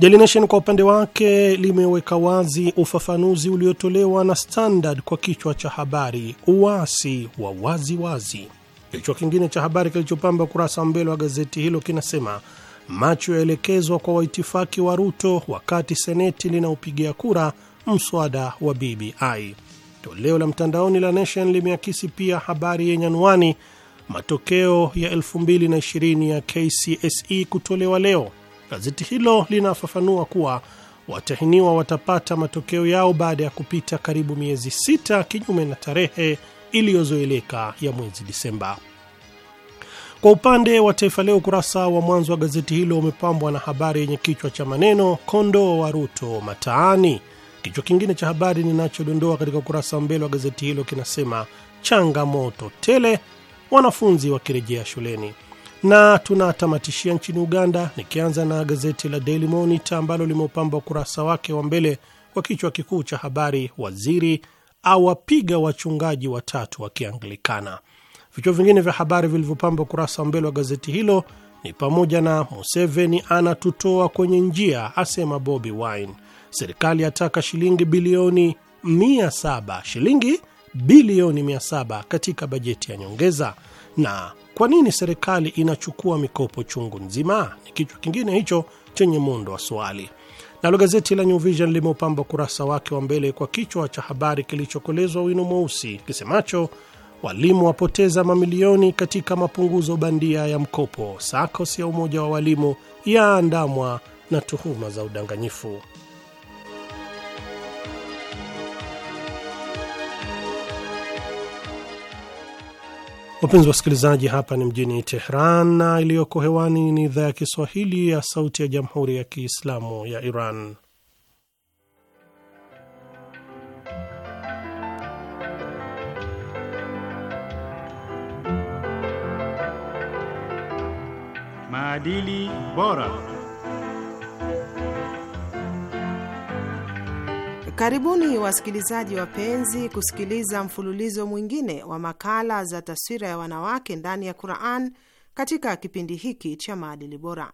Daily Nation kwa upande wake limeweka wazi ufafanuzi uliotolewa na Standard kwa kichwa cha habari uasi wa waziwazi wazi. Kichwa kingine cha habari kilichopamba ukurasa wa mbele wa gazeti hilo kinasema macho yaelekezwa kwa waitifaki wa Ruto wakati seneti linaupigia kura mswada wa BBI. Toleo la mtandaoni la Nation limeakisi pia habari yenye anwani matokeo ya 2020 ya KCSE kutolewa leo Gazeti hilo linafafanua kuwa watahiniwa watapata matokeo yao baada ya kupita karibu miezi sita kinyume na tarehe iliyozoeleka ya mwezi Disemba. Kwa upande wa Taifa Leo, ukurasa wa mwanzo wa gazeti hilo umepambwa na habari yenye kichwa cha maneno kondoo wa Ruto mataani. Kichwa kingine cha habari ninachodondoa katika ukurasa wa mbele wa gazeti hilo kinasema changamoto tele, wanafunzi wakirejea shuleni na tunatamatishia nchini Uganda, nikianza na gazeti la Daily Monitor ambalo limeupamba ukurasa wake wa mbele kwa kichwa kikuu cha habari, waziri awapiga wachungaji watatu wakianglikana Vichwa vingine vya habari vilivyopamba ukurasa wa mbele wa gazeti hilo ni pamoja na Museveni anatutoa kwenye njia, asema Bobi Wine, serikali ataka shilingi bilioni mia saba shilingi bilioni mia saba katika bajeti ya nyongeza, na kwa nini serikali inachukua mikopo chungu nzima? Ni kichwa kingine hicho chenye muundo wa swali. Nalo gazeti la New Vision limeupamba ukurasa wake wa mbele kwa kichwa cha habari kilichokolezwa wino mweusi kisemacho walimu wapoteza mamilioni katika mapunguzo bandia ya mkopo, SACCOS ya umoja wa walimu yaandamwa na tuhuma za udanganyifu. Wapenzi wasikilizaji, hapa ni mjini Tehran na iliyoko hewani ni idhaa ya Kiswahili ya Sauti ya Jamhuri ya Kiislamu ya Iran. Maadili Bora. Karibuni wasikilizaji wapenzi, kusikiliza mfululizo mwingine wa makala za taswira ya wanawake ndani ya Quran katika kipindi hiki cha maadili bora.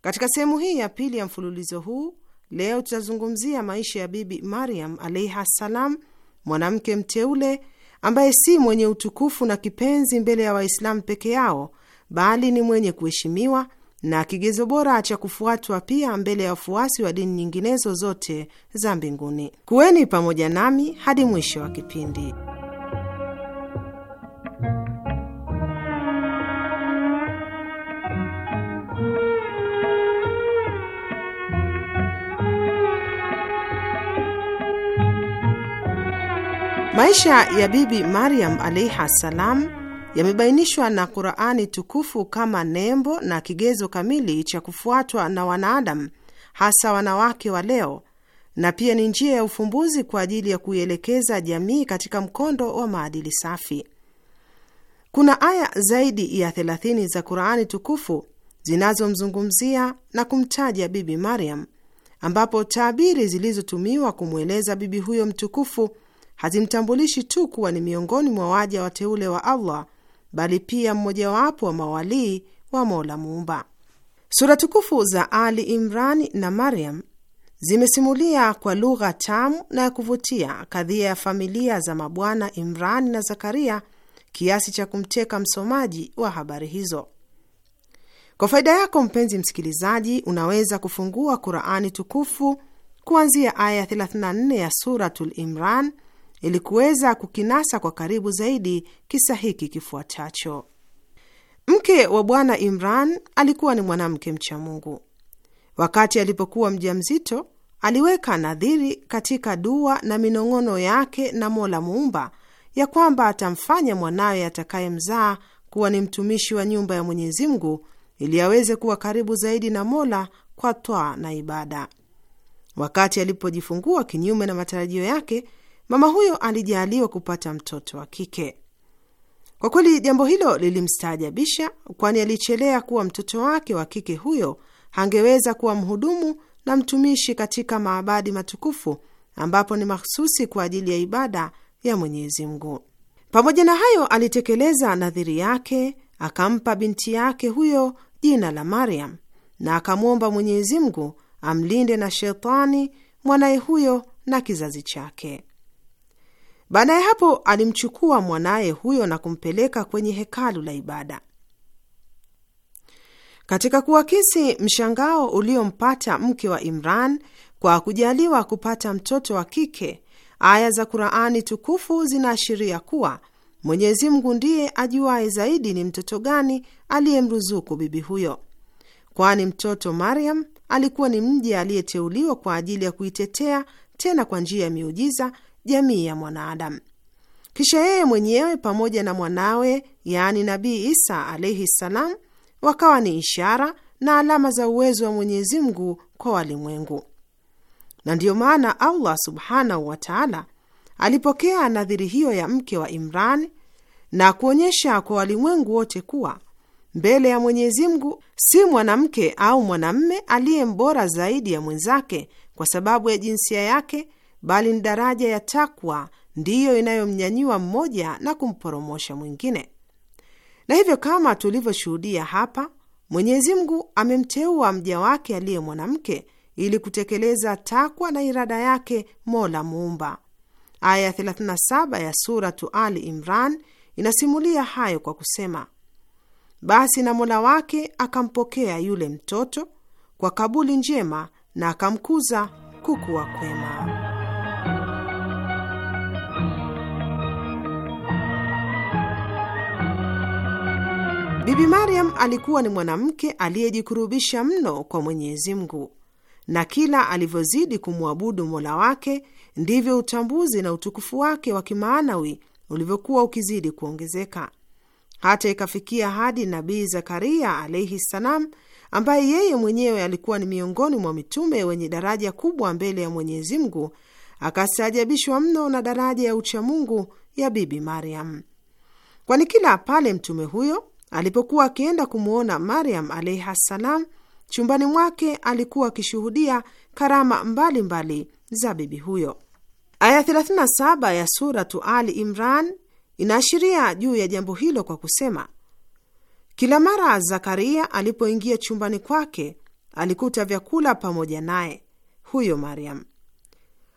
Katika sehemu hii ya pili ya mfululizo huu, leo tutazungumzia maisha ya Bibi mariam alaiha ssalam, mwanamke mteule ambaye si mwenye utukufu na kipenzi mbele ya Waislamu peke yao, bali ni mwenye kuheshimiwa na kigezo bora cha kufuatwa pia mbele ya wafuasi wa dini nyinginezo zote za mbinguni. Kuweni pamoja nami hadi mwisho wa kipindi. Maisha ya Bibi Mariam alaihi ssalam yamebainishwa na Qurani tukufu kama nembo na kigezo kamili cha kufuatwa na wanaadamu, hasa wanawake wa leo, na pia ni njia ya ufumbuzi kwa ajili ya kuielekeza jamii katika mkondo wa maadili safi. Kuna aya zaidi ya thelathini za Qurani tukufu zinazomzungumzia na kumtaja Bibi Mariam, ambapo taabiri zilizotumiwa kumweleza bibi huyo mtukufu hazimtambulishi tu kuwa ni miongoni mwa waja wateule wa Allah bali pia mmojawapo wa mawalii wa Mola Muumba. Sura tukufu za Ali Imrani na Mariam zimesimulia kwa lugha tamu na ya kuvutia kadhia ya familia za mabwana Imrani na Zakaria kiasi cha kumteka msomaji wa habari hizo. Kwa faida yako mpenzi msikilizaji, unaweza kufungua Qurani tukufu kuanzia aya 34 ya Suratul Imran ili kuweza kukinasa kwa karibu zaidi kisa hiki kifuatacho. Mke wa Bwana Imran alikuwa ni mwanamke mcha Mungu. Wakati alipokuwa mjamzito, aliweka nadhiri katika dua na minong'ono yake na Mola Muumba ya kwamba atamfanya mwanawe atakayemzaa kuwa ni mtumishi wa nyumba ya Mwenyezi Mungu ili aweze kuwa karibu zaidi na Mola kwa twaa na ibada. Wakati alipojifungua kinyume na matarajio yake, mama huyo alijaaliwa kupata mtoto wa kike. Kwa kweli jambo hilo lilimstaajabisha, kwani alichelea kuwa mtoto wake wa kike huyo angeweza kuwa mhudumu na mtumishi katika maabadi matukufu ambapo ni mahsusi kwa ajili ya ibada ya Mwenyezi Mungu. Pamoja na hayo, alitekeleza nadhiri yake, akampa binti yake huyo jina la Mariam na akamwomba Mwenyezi Mungu amlinde na shetani mwanaye huyo na kizazi chake. Baada ya hapo alimchukua mwanaye huyo na kumpeleka kwenye hekalu la ibada. Katika kuakisi mshangao uliompata mke wa Imran kwa kujaliwa kupata mtoto wa kike, aya za Qur'ani tukufu zinaashiria kuwa Mwenyezi Mungu ndiye ajuaye zaidi ni mtoto gani aliyemruzuku bibi huyo, kwani mtoto Maryam alikuwa ni mja aliyeteuliwa kwa ajili ya kuitetea, tena kwa njia ya miujiza, jamii ya mwanadamu. Kisha yeye mwenyewe pamoja na mwanawe, yaani Nabii Isa alaihi ssalam, wakawa ni ishara na alama za uwezo wa Mwenyezi Mungu kwa walimwengu, na ndiyo maana Allah subhanahu wa taala alipokea nadhiri hiyo ya mke wa Imran na kuonyesha kwa walimwengu wote kuwa mbele ya Mwenyezi Mungu si mwanamke au mwanamme aliye mbora zaidi ya mwenzake kwa sababu ya jinsia yake bali ni daraja ya takwa ndiyo inayomnyanyua mmoja na kumporomosha mwingine. Na hivyo kama tulivyoshuhudia hapa, Mwenyezi Mungu amemteua mja wake aliye mwanamke ili kutekeleza takwa na irada yake Mola Muumba. Aya 37 ya Suratu Ali Imran inasimulia hayo kwa kusema, basi na Mola wake akampokea yule mtoto kwa kabuli njema na akamkuza kukuwa kwema. Bibi Mariam alikuwa ni mwanamke aliyejikurubisha mno kwa Mwenyezi Mungu, na kila alivyozidi kumwabudu mola wake ndivyo utambuzi na utukufu wake wa kimaanawi ulivyokuwa ukizidi kuongezeka, hata ikafikia hadi Nabii Zakaria alaihi ssalam, ambaye yeye mwenyewe alikuwa ni miongoni mwa mitume wenye daraja kubwa mbele ya Mwenyezi Mungu, akastaajabishwa mno na daraja ya uchamungu ya Bibi Mariam, kwani kila pale mtume huyo Alipokuwa akienda kumwona mariam alaihi ssalam chumbani mwake, alikuwa akishuhudia karama mbalimbali mbali za bibi huyo. Aya 37 ya Suratu Ali Imran inaashiria juu ya jambo hilo kwa kusema, kila mara Zakaria alipoingia chumbani kwake alikuta vyakula pamoja naye huyo Mariam.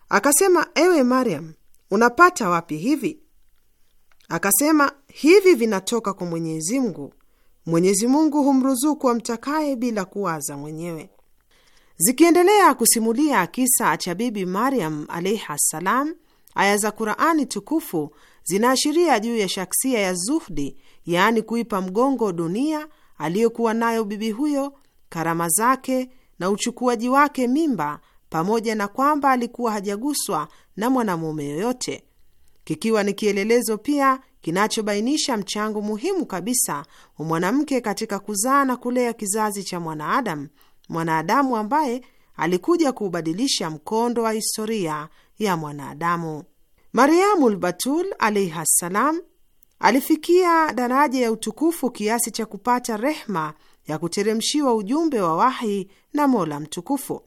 Akasema, ewe Mariam, unapata wapi hivi? Akasema, hivi vinatoka kwa Mwenyezi Mungu. Mwenyezi Mungu humruzuku amtakaye bila kuwaza mwenyewe. Zikiendelea kusimulia kisa cha Bibi Mariam alaihi ssalam, aya za Qurani tukufu zinaashiria juu ya shaksia ya zuhdi, yaani kuipa mgongo dunia aliyokuwa nayo bibi huyo, karama zake na uchukuaji wake mimba, pamoja na kwamba alikuwa hajaguswa na mwanamume yoyote kikiwa ni kielelezo pia kinachobainisha mchango muhimu kabisa wa mwanamke katika kuzaa na kulea kizazi cha mwanaadamu, mwanaadamu ambaye alikuja kuubadilisha mkondo wa historia ya mwanadamu. mariamu lbatul alaihi ssalam alifikia daraja ya utukufu kiasi cha kupata rehma ya kuteremshiwa ujumbe wa wahi na Mola Mtukufu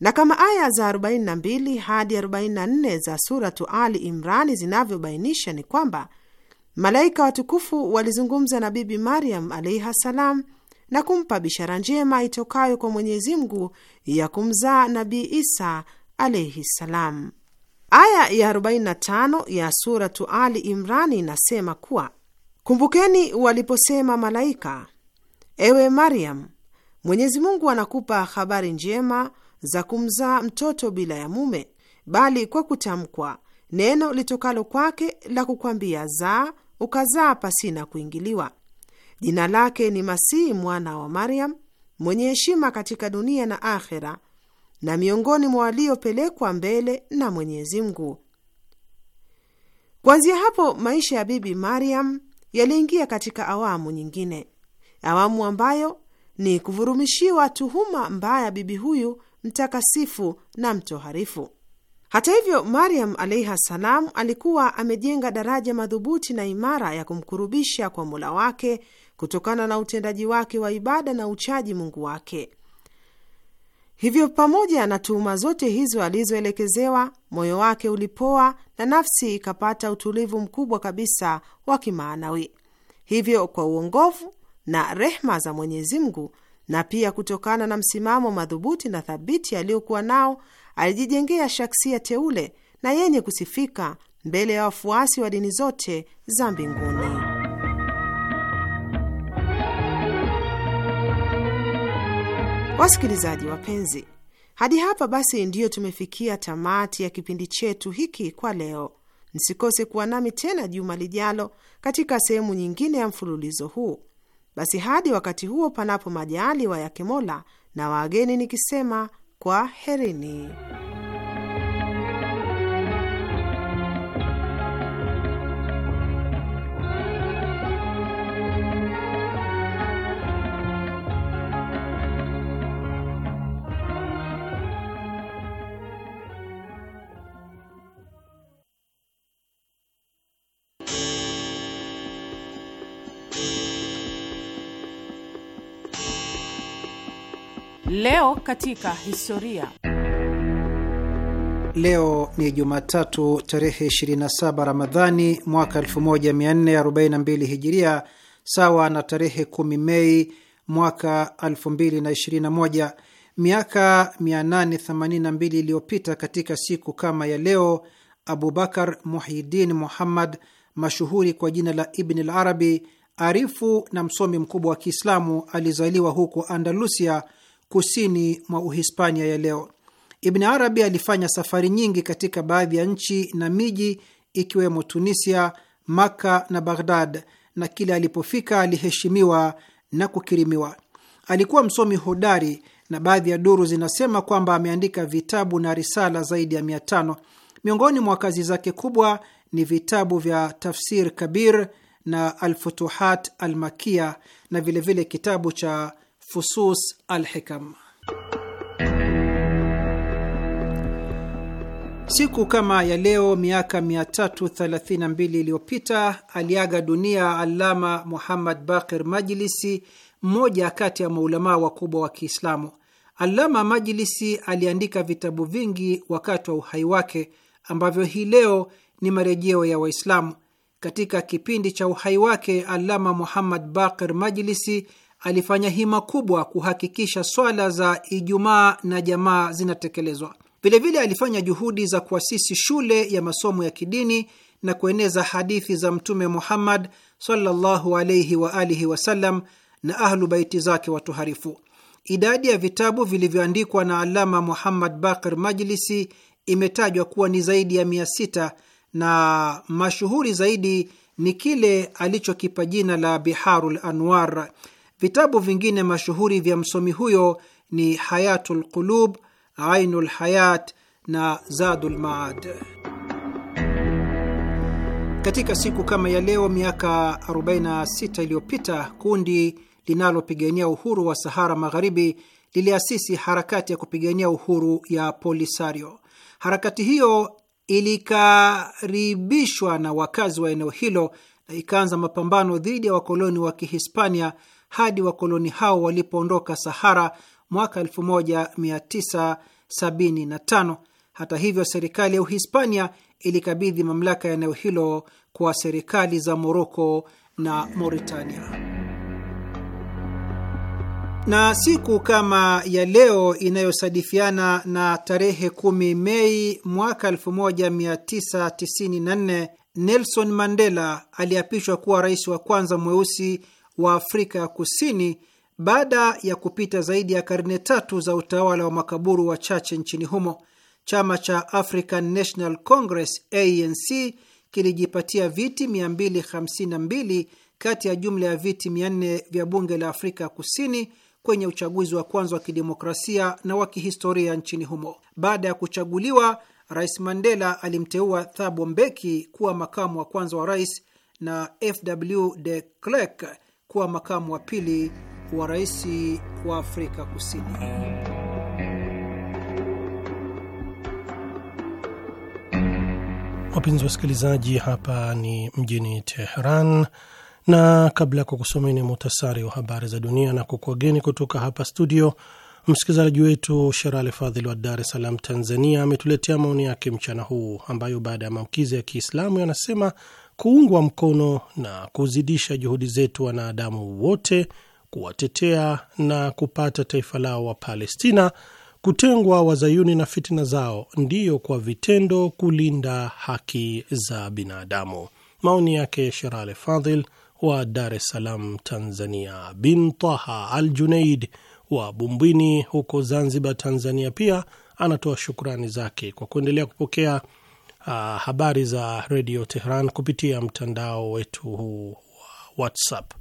na kama aya za 42 hadi 44 za Suratu Ali Imrani zinavyobainisha ni kwamba malaika watukufu walizungumza na Bibi Mariam alaiha salam na kumpa bishara njema itokayo kwa Mwenyezi Mungu ya kumzaa Nabii Isa alaihi salam. Aya ya 45 ya Suratu Ali Imrani inasema kuwa kumbukeni waliposema malaika, ewe Mariam, Mwenyezi Mungu anakupa habari njema za kumzaa mtoto bila ya mume, bali kwa kutamkwa neno litokalo kwake la kukwambia zaa, ukazaa pasina kuingiliwa. Jina lake ni Masihi mwana wa Maryam, mwenye heshima katika dunia na akhera, na miongoni mwa waliopelekwa mbele na Mwenyezi Mungu. Kuanzia hapo maisha ya Bibi Maryam yaliingia katika awamu nyingine, awamu ambayo ni kuvurumishiwa tuhuma mbaya bibi huyu mtakasifu na mtoharifu. Hata hivyo, Mariam alaihi salam alikuwa amejenga daraja madhubuti na imara ya kumkurubisha kwa Mola wake kutokana na utendaji wake wa ibada na uchaji Mungu wake. Hivyo, pamoja na tuhuma zote hizo alizoelekezewa, moyo wake ulipoa na nafsi ikapata utulivu mkubwa kabisa wa kimaanawi. Hivyo, kwa uongovu na rehma za Mwenyezi Mungu, na pia kutokana na msimamo madhubuti na thabiti aliyokuwa nao alijijengea shaksia teule na yenye kusifika mbele ya wafuasi wa dini zote za mbinguni. Wasikilizaji wapenzi, hadi hapa basi ndiyo tumefikia tamati ya kipindi chetu hiki kwa leo. Msikose kuwa nami tena juma lijalo katika sehemu nyingine ya mfululizo huu. Basi hadi wakati huo, panapo majaaliwa yake Mola, na wageni nikisema kwa herini Leo katika historia. Leo ni Jumatatu tarehe 27 Ramadhani mwaka 1442 Hijiria, sawa na tarehe 10 Mei mwaka 2021. Miaka 882 iliyopita katika siku kama ya leo, Abubakar Muhyiddin Muhammad mashuhuri kwa jina la Ibn al Arabi, arifu na msomi mkubwa wa Kiislamu, alizaliwa huko Andalusia kusini mwa Uhispania ya leo. Ibn Arabi alifanya safari nyingi katika baadhi ya nchi na miji ikiwemo Tunisia, Maka na Baghdad, na kila alipofika aliheshimiwa na kukirimiwa. Alikuwa msomi hodari na baadhi ya duru zinasema kwamba ameandika vitabu na risala zaidi ya mia tano. Miongoni mwa kazi zake kubwa ni vitabu vya Tafsir Kabir na Alfutuhat Almakia na vilevile vile kitabu cha Fusus Alhikam. Siku kama ya leo miaka 332 iliyopita aliaga dunia alama Muhammad Baqir Majlisi, mmoja kati ya maulamaa wakubwa wa Kiislamu. alama Majlisi aliandika vitabu vingi wakati wa uhai wake ambavyo hii leo ni marejeo ya Waislamu. Katika kipindi cha uhai wake, Allama Muhammad Baqir Majlisi alifanya hima kubwa kuhakikisha swala za Ijumaa na jamaa zinatekelezwa. Vilevile alifanya juhudi za kuasisi shule ya masomo ya kidini na kueneza hadithi za Mtume Muhammad sallallahu wa alihi wasallam na Ahlu Baiti zake watuharifu. Idadi ya vitabu vilivyoandikwa na Alama Muhammad Bakr Majlisi imetajwa kuwa ni zaidi ya mia sita na mashuhuri zaidi ni kile alichokipa jina la Biharul Anwar Vitabu vingine mashuhuri vya msomi huyo ni Hayatul Qulub, Ainul Hayat na Zadul Maad. Katika siku kama ya leo miaka 46 iliyopita kundi linalopigania uhuru wa Sahara Magharibi liliasisi harakati ya kupigania uhuru ya Polisario. Harakati hiyo ilikaribishwa na wakazi wa eneo hilo na ikaanza mapambano dhidi ya wakoloni wa Kihispania hadi wakoloni hao walipoondoka Sahara mwaka 1975. Hata hivyo, serikali ya Uhispania ilikabidhi mamlaka ya eneo hilo kwa serikali za Moroko na Mauritania na siku kama ya leo inayosadifiana na tarehe kumi Mei mwaka 1994 Nelson Mandela aliapishwa kuwa rais wa kwanza mweusi wa Afrika ya Kusini baada ya kupita zaidi ya karne tatu za utawala wa makaburu wachache nchini humo. Chama cha African National Congress ANC kilijipatia viti 252 kati ya jumla ya viti 400 vya bunge la Afrika ya Kusini kwenye uchaguzi wa kwanza wa kidemokrasia na wa kihistoria nchini humo. Baada ya kuchaguliwa, Rais Mandela alimteua Thabo Mbeki kuwa makamu wa kwanza wa rais na FW de Klerk kuwa makamu wa pili wa rais wa Afrika Kusini. Wapenzi wasikilizaji, hapa ni mjini Teheran, na kabla ya kukusomeni muhtasari wa habari za dunia na kukuageni kutoka hapa studio, msikilizaji wetu Sherali Fadhili wa Dar es Salaam, Tanzania, ametuletea maoni yake mchana huu ambayo baada ya maamkizi ya Kiislamu yanasema kuungwa mkono na kuzidisha juhudi zetu wanadamu wote kuwatetea na kupata taifa lao wa Palestina, kutengwa wazayuni na fitina zao, ndiyo kwa vitendo kulinda haki za binadamu. Maoni yake Sherale Fadhil wa Dar es Salaam, Tanzania. Bin Taha Al Junaid wa Bumbwini huko Zanzibar, Tanzania, pia anatoa shukrani zake kwa kuendelea kupokea uh, habari za redio Tehran kupitia mtandao wetu huu wa WhatsApp.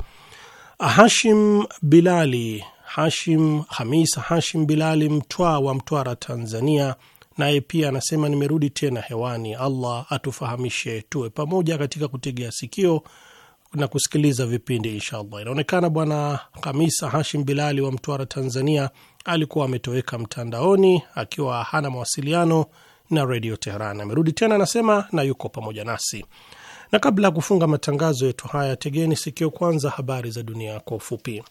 Uh, Hashim Bilali, Hashim Hamis Hashim Bilali Mtwaa wa Mtwara, Tanzania, naye pia anasema nimerudi tena hewani. Allah atufahamishe tuwe pamoja katika kutegea sikio na kusikiliza vipindi inshallah. Inaonekana bwana Hamisa Hashim Bilali wa Mtwara, Tanzania, alikuwa ametoweka mtandaoni akiwa hana mawasiliano na Redio Teheran. Amerudi tena, anasema na yuko pamoja nasi. Na kabla ya kufunga matangazo yetu haya, tegeni sikio kwanza habari za dunia kwa ufupi.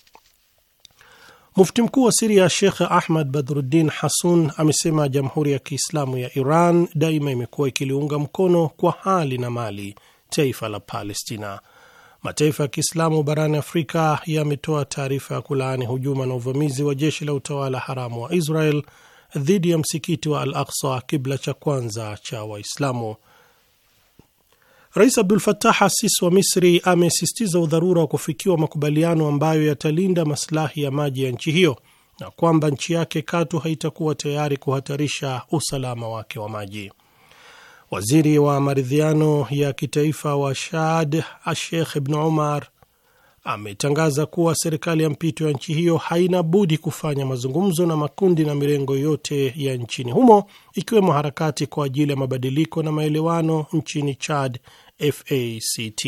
Mufti mkuu wa Siria Shekh Ahmad Badruddin Hasun amesema Jamhuri ya Kiislamu ya Iran daima imekuwa ikiliunga mkono kwa hali na mali taifa la Palestina. Mataifa ya Kiislamu barani Afrika yametoa taarifa ya kulaani hujuma na uvamizi wa jeshi la utawala haramu wa Israel dhidi ya msikiti wa Al Aksa, kibla cha kwanza cha Waislamu. Rais Abdul fatah Assis wa Misri amesisitiza udharura wa kufikiwa makubaliano ambayo yatalinda masilahi ya maji ya nchi hiyo na kwamba nchi yake katu haitakuwa tayari kuhatarisha usalama wake wa maji. Waziri wa maridhiano ya kitaifa wa Shad Ashekh Ibn umar ametangaza kuwa serikali ya mpito ya nchi hiyo haina budi kufanya mazungumzo na makundi na mirengo yote ya nchini humo ikiwemo harakati kwa ajili ya mabadiliko na maelewano nchini Chad, FACT.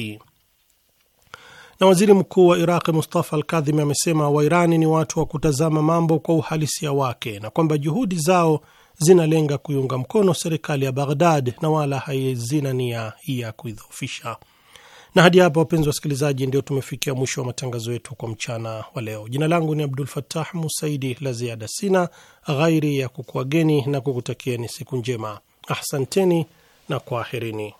Na waziri mkuu wa Iraq Mustafa Al Kadhimi amesema Wairani ni watu wa kutazama mambo kwa uhalisia wake na kwamba juhudi zao zinalenga kuiunga mkono serikali ya Baghdad na wala hazina nia ya kuidhoofisha. Na hadi hapa, wapenzi wa wasikilizaji, ndio tumefikia mwisho wa matangazo yetu kwa mchana wa leo. Jina langu ni Abdul fatah Musaidi. La ziada sina ghairi ya kukuageni na kukutakieni siku njema. Ahsanteni na kwaherini.